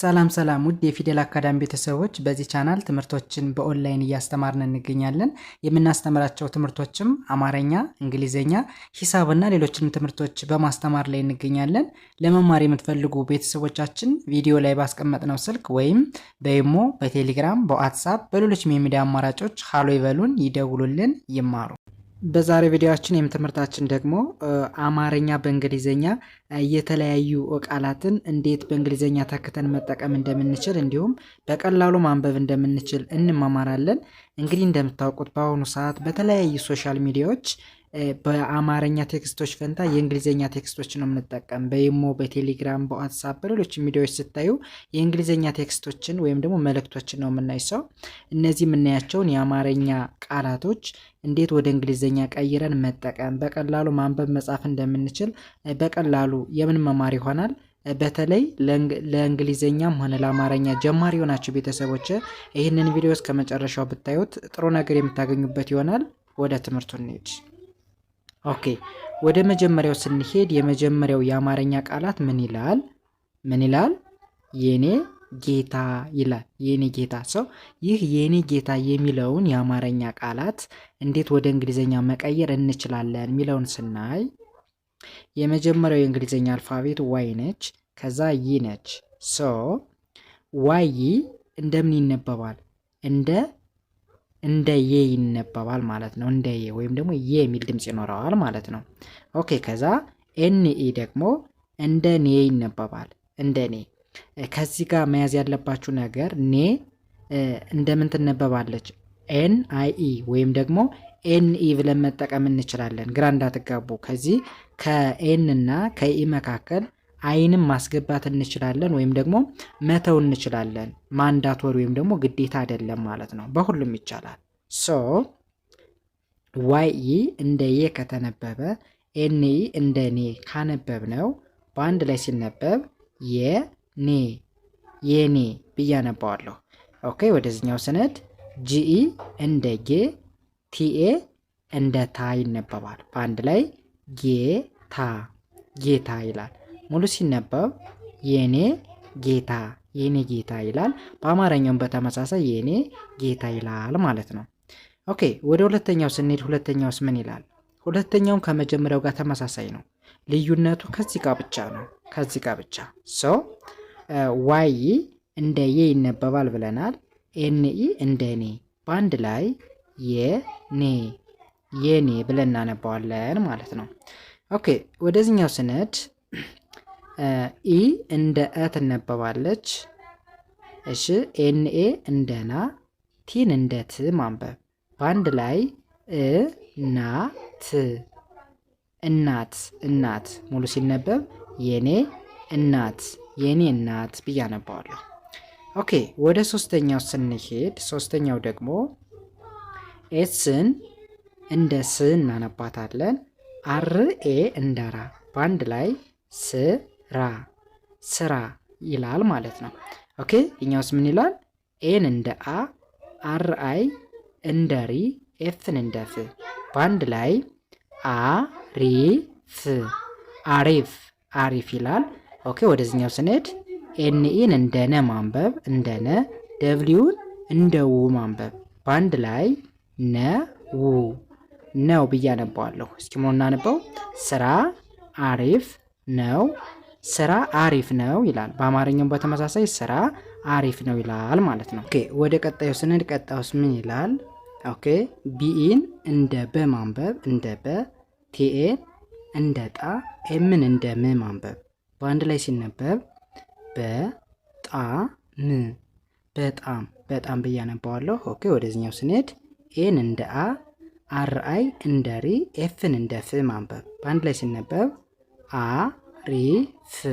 ሰላም ሰላም ውድ የፊደል አካዳሚ ቤተሰቦች፣ በዚህ ቻናል ትምህርቶችን በኦንላይን እያስተማርን እንገኛለን። የምናስተምራቸው ትምህርቶችም አማረኛ፣ እንግሊዝኛ፣ ሂሳብና ሌሎችንም ትምህርቶች በማስተማር ላይ እንገኛለን። ለመማር የምትፈልጉ ቤተሰቦቻችን ቪዲዮ ላይ ባስቀመጥነው ስልክ ወይም በይሞ፣ በቴሌግራም፣ በዋትሳፕ፣ በሌሎች የሚዲያ አማራጮች ሀሎ ይበሉን፣ ይደውሉልን፣ ይማሩ። በዛሬ ቪዲዮችን የምትምህርታችን ደግሞ አማርኛ በእንግሊዘኛ የተለያዩ ቃላትን እንዴት በእንግሊዝኛ ተክተን መጠቀም እንደምንችል እንዲሁም በቀላሉ ማንበብ እንደምንችል እንማማራለን። እንግዲህ እንደምታውቁት በአሁኑ ሰዓት በተለያዩ ሶሻል ሚዲያዎች በአማርኛ ቴክስቶች ፈንታ የእንግሊዝኛ ቴክስቶች ነው የምንጠቀም። በኢሞ፣ በቴሌግራም፣ በዋትሳፕ በሌሎች ሚዲያዎች ስታዩ የእንግሊዝኛ ቴክስቶችን ወይም ደግሞ መልእክቶችን ነው የምናይ ሰው እነዚህ የምናያቸውን የአማርኛ ቃላቶች እንዴት ወደ እንግሊዝኛ ቀይረን መጠቀም በቀላሉ ማንበብ መጻፍ እንደምንችል በቀላሉ የምንመማር ይሆናል። በተለይ ለእንግሊዝኛም ሆነ ለአማርኛ ጀማሪ የሆናችሁ ቤተሰቦች ይህንን ቪዲዮ እስከ መጨረሻው ብታዩት ጥሩ ነገር የምታገኙበት ይሆናል። ወደ ትምህርቱ እንሂድ። ኦኬ፣ ወደ መጀመሪያው ስንሄድ የመጀመሪያው የአማርኛ ቃላት ምን ይላል? ምን ይላል? የኔ ጌታ ይላል። የኔ ጌታ ሰው ይህ የኔ ጌታ የሚለውን የአማርኛ ቃላት እንዴት ወደ እንግሊዝኛ መቀየር እንችላለን የሚለውን ስናይ የመጀመሪያው የእንግሊዝኛ አልፋቤት ዋይ ነች፣ ከዛ ይ ነች። ሶ ዋይ እንደምን ይነበባል? እንደ እንደ የ ይነበባል ማለት ነው። እንደ የ ወይም ደግሞ የ የሚል ድምፅ ይኖረዋል ማለት ነው። ኦኬ ከዛ ኤን ኢ ደግሞ እንደ ኔ ይነበባል። እንደ ኔ ከዚህ ጋር መያዝ ያለባችሁ ነገር ኔ እንደምን ትነበባለች? ኤን አይ ኢ ወይም ደግሞ ኤን ኢ ብለን መጠቀም እንችላለን። ግራ እንዳትጋቡ። ከዚህ ከኤን እና ከኢ መካከል አይንም ማስገባት እንችላለን ወይም ደግሞ መተው እንችላለን። ማንዳቶሪ ወይም ደግሞ ግዴታ አይደለም ማለት ነው። በሁሉም ይቻላል። ሶ ዋይ ኢ እንደ የ ከተነበበ ኤን ኢ እንደ ኔ ካነበብ ነው በአንድ ላይ ሲነበብ የ ኔ የኔ ብዬ አነባዋለሁ። ኦኬ ወደዚህኛው ስነድ ጂኢ እንደ ጌ ቲኤ እንደ ታ ይነበባል። በአንድ ላይ ጌ ታ ጌታ ይላል። ሙሉ ሲነበብ የኔ ጌታ የኔ ጌታ ይላል። በአማርኛውም በተመሳሳይ የኔ ጌታ ይላል ማለት ነው። ኦኬ ወደ ሁለተኛው ስንሄድ ሁለተኛውስ ምን ይላል? ሁለተኛውም ከመጀመሪያው ጋር ተመሳሳይ ነው። ልዩነቱ ከዚህ ጋር ብቻ ነው። ከዚህ ጋር ብቻ ሰው ዋይ እንደ የ ይነበባል ብለናል። ኤንኢ እንደ ኔ በአንድ ላይ የኔ የኔ ብለን እናነባዋለን ማለት ነው። ኦኬ ወደዚኛው ስነድ ኢ እንደ እ ትነበባለች። እሺ ኤንኤ እንደ ና ቲን እንደ ት ማንበብ በአንድ ላይ እ ና ት እናት እናት ሙሉ ሲነበብ የኔ እናት የእኔ እናት ብዬ አነባዋለሁ። ኦኬ ወደ ሶስተኛው ስንሄድ ሶስተኛው ደግሞ ኤስን እንደ ስ እናነባታለን። አር ኤ እንደ ራ በአንድ ላይ ስራ ስራ ይላል ማለት ነው። ኦኬ እኛውስ ምን ይላል? ኤን እንደ አ አር አይ እንደ ሪ ኤፍን እንደ ፍ በአንድ ላይ አሪፍ አሪፍ አሪፍ ይላል። ኦኬ ወደዚህኛው ስንሄድ ኤንኢን እንደ ነ ማንበብ እንደ ነ ደብሊውን እንደ ው ማንበብ በአንድ ላይ ነ ው ነው ብዬ አነባዋለሁ። እስኪ ሞ እናነበው። ስራ አሪፍ ነው፣ ስራ አሪፍ ነው ይላል። በአማርኛው በተመሳሳይ ስራ አሪፍ ነው ይላል ማለት ነው። ኦኬ ወደ ቀጣዩ ስንሄድ ቀጣዩስ ምን ይላል? ኦኬ ቢኢን እንደ በ ማንበብ እንደ በ ቲኤን እንደ ጣ ኤምን እንደ ም ማንበብ በአንድ ላይ ሲነበብ በጣም በጣም በጣም ብዬ አነባዋለሁ። ኦኬ ወደዚህኛው ስንሄድ ኤን እንደ አ፣ አር አይ እንደ ሪ፣ ኤፍን እንደ ፍ ማንበብ በአንድ ላይ ሲነበብ አ ሪ ፍ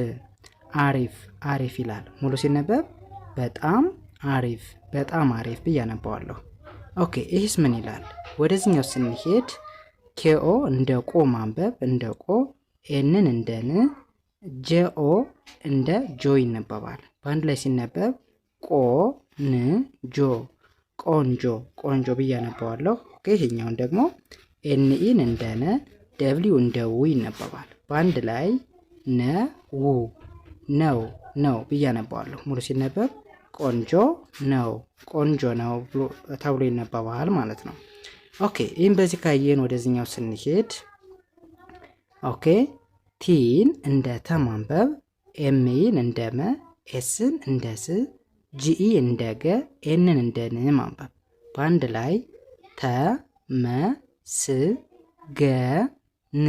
አሪፍ አሪፍ ይላል። ሙሉ ሲነበብ በጣም አሪፍ በጣም አሪፍ ብዬ አነባዋለሁ። ኦኬ ይህስ ምን ይላል? ወደዚህኛው ስንሄድ ኬኦ እንደ ቆ ማንበብ እንደ ቆ ኤንን እንደ ን ጄኦ እንደ ጆ ይነበባል። በአንድ ላይ ሲነበብ ቆ ን ጆ ቆንጆ ቆንጆ ብዬ አነበዋለሁ። ይሄኛውን ደግሞ ኤንኢን እንደ ነ ደብሊው እንደ ው ይነበባል። በአንድ ላይ ነ ው ነው ነው ብዬ አነበዋለሁ። ሙሉ ሲነበብ ቆንጆ ነው ቆንጆ ነው ተብሎ ይነበባል ማለት ነው። ኦኬ ይህም በዚህ ካየን ወደዚህኛው ስንሄድ ኦኬ ቲን እንደ ተማንበብ ኤምኢን እንደ መ ኤስን እንደ ስ ጂኢ እንደ ገ ኤንን እንደ ን ማንበብ በአንድ ላይ ተ መ ስ ገ ን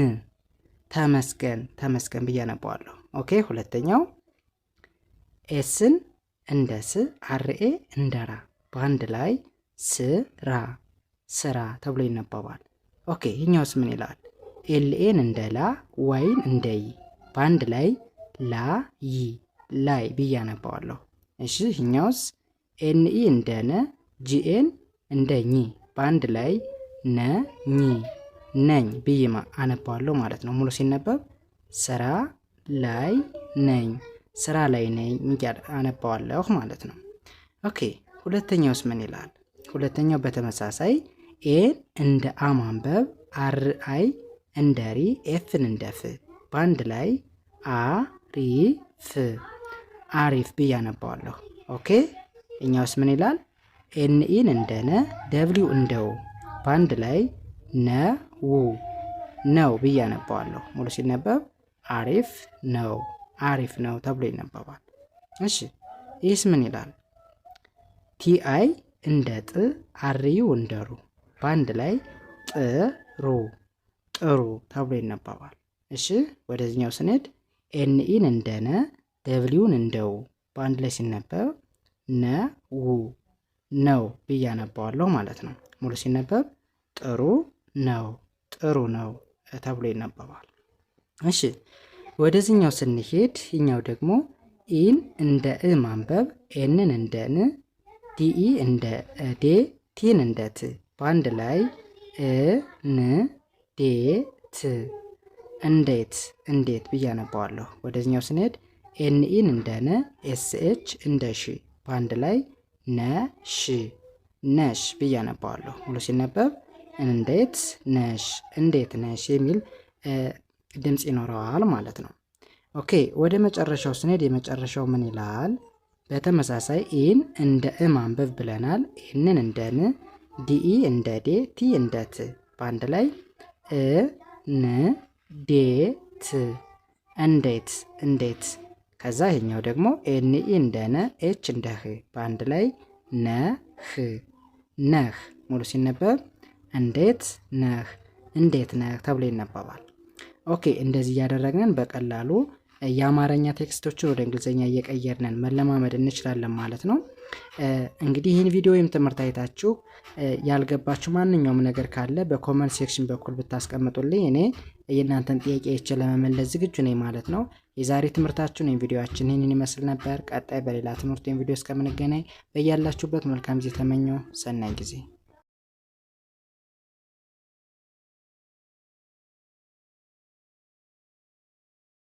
ተመስገን ተመስገን ብዬ አነባዋለሁ። ኦኬ ሁለተኛው ኤስን እንደ ስ አርኤ እንደ ራ በአንድ ላይ ስራ ስራ ተብሎ ይነበባል። ኦኬ ይህኛውስ ምን ይላል? ኤልኤን እንደ ላ ዋይን እንደ ይ በአንድ ላይ ላ ይ ላይ ብዬ አነባዋለሁ። እሺ ኤን ኤንኢ እንደ ነ ጂኤን እንደ ኝ በአንድ ላይ ነ ኝ ነኝ ብዬ አነባዋለሁ ማለት ነው። ሙሉ ሲነበብ ስራ ላይ ነኝ ስራ ላይ ነኝ አነባዋለሁ ማለት ነው። ኦኬ ሁለተኛውስ ምን ይላል? ሁለተኛው በተመሳሳይ ኤን እንደ አ ማንበብ አር አይ እንደ ሪ ኤፍን እንደ ፍ በአንድ ላይ አሪፍ ፍ አሪፍ ብዬ አነባዋለሁ። ኦኬ እኛውስ ምን ይላል? ኤንኢን እንደ ነ ደብሊው እንደው በአንድ ላይ ነ ው ነው ብዬ አነባዋለሁ። ሙሉ ሲነበብ አሪፍ ነው አሪፍ ነው ተብሎ ይነበባል። እሺ ይህስ ምን ይላል? ቲአይ እንደ ጥ አርዩ እንደሩ በአንድ ላይ ጥሩ ጥሩ ተብሎ ይነበባል። እሺ ወደዚኛው ስንሄድ ኤንኢን እንደ ነ ደብሊውን እንደው በአንድ ላይ ሲነበብ ነ ው ነው ብያነባዋለሁ አነባዋለሁ ማለት ነው። ሙሉ ሲነበብ ጥሩ ነው ጥሩ ነው ተብሎ ይነበባል። እሺ ወደዚኛው ስንሄድ ይኛው ደግሞ ኢን እንደ እ ማንበብ ኤንን እንደ ን ዲኢ እንደ ዴ ቲን እንደ ት በአንድ ላይ እ ን ዴት እንዴት እንዴት ብዬ አነባዋለሁ። ወደዚኛው ስንሄድ ኤንኢን እንደ ነ ኤስኤች እንደ ሺ በአንድ ላይ ነሽ ነሽ ብዬ አነባዋለሁ። ሙሉ ሲነበብ እንዴት ነሽ እንዴት ነሽ የሚል ድምፅ ይኖረዋል ማለት ነው። ኦኬ ወደ መጨረሻው ስንሄድ የመጨረሻው ምን ይላል? በተመሳሳይ ኢን እንደ እ ማንበብ ብለናል። ኢንን እንደ ን፣ ዲኢ እንደ ዴ፣ ቲ እንደ ት በአንድ ላይ እ ን ዴ ት እንዴት እንዴት። ከዛ ይሄኛው ደግሞ ኤን ኢ እንደ ነ ኤች እንደ ህ በአንድ ላይ ነ ህ ነህ። ሙሉ ሲነበብ እንዴት ነህ እንዴት ነህ ተብሎ ይነበባል። ኦኬ እንደዚህ እያደረግንን በቀላሉ የአማርኛ ቴክስቶችን ወደ እንግሊዝኛ እየቀየርንን መለማመድ እንችላለን ማለት ነው። እንግዲህ ይህን ቪዲዮ ወይም ትምህርት አይታችሁ ያልገባችሁ ማንኛውም ነገር ካለ በኮመንት ሴክሽን በኩል ብታስቀምጡልኝ እኔ የእናንተን ጥያቄ ይቼ ለመመለስ ዝግጁ ነኝ ማለት ነው። የዛሬ ትምህርታችን ወይም ቪዲዮችን ይህንን ይመስል ነበር። ቀጣይ በሌላ ትምህርት ወይም ቪዲዮ እስከምንገናኝ በያላችሁበት መልካም ጊዜ ተመኘው። ሰናይ ጊዜ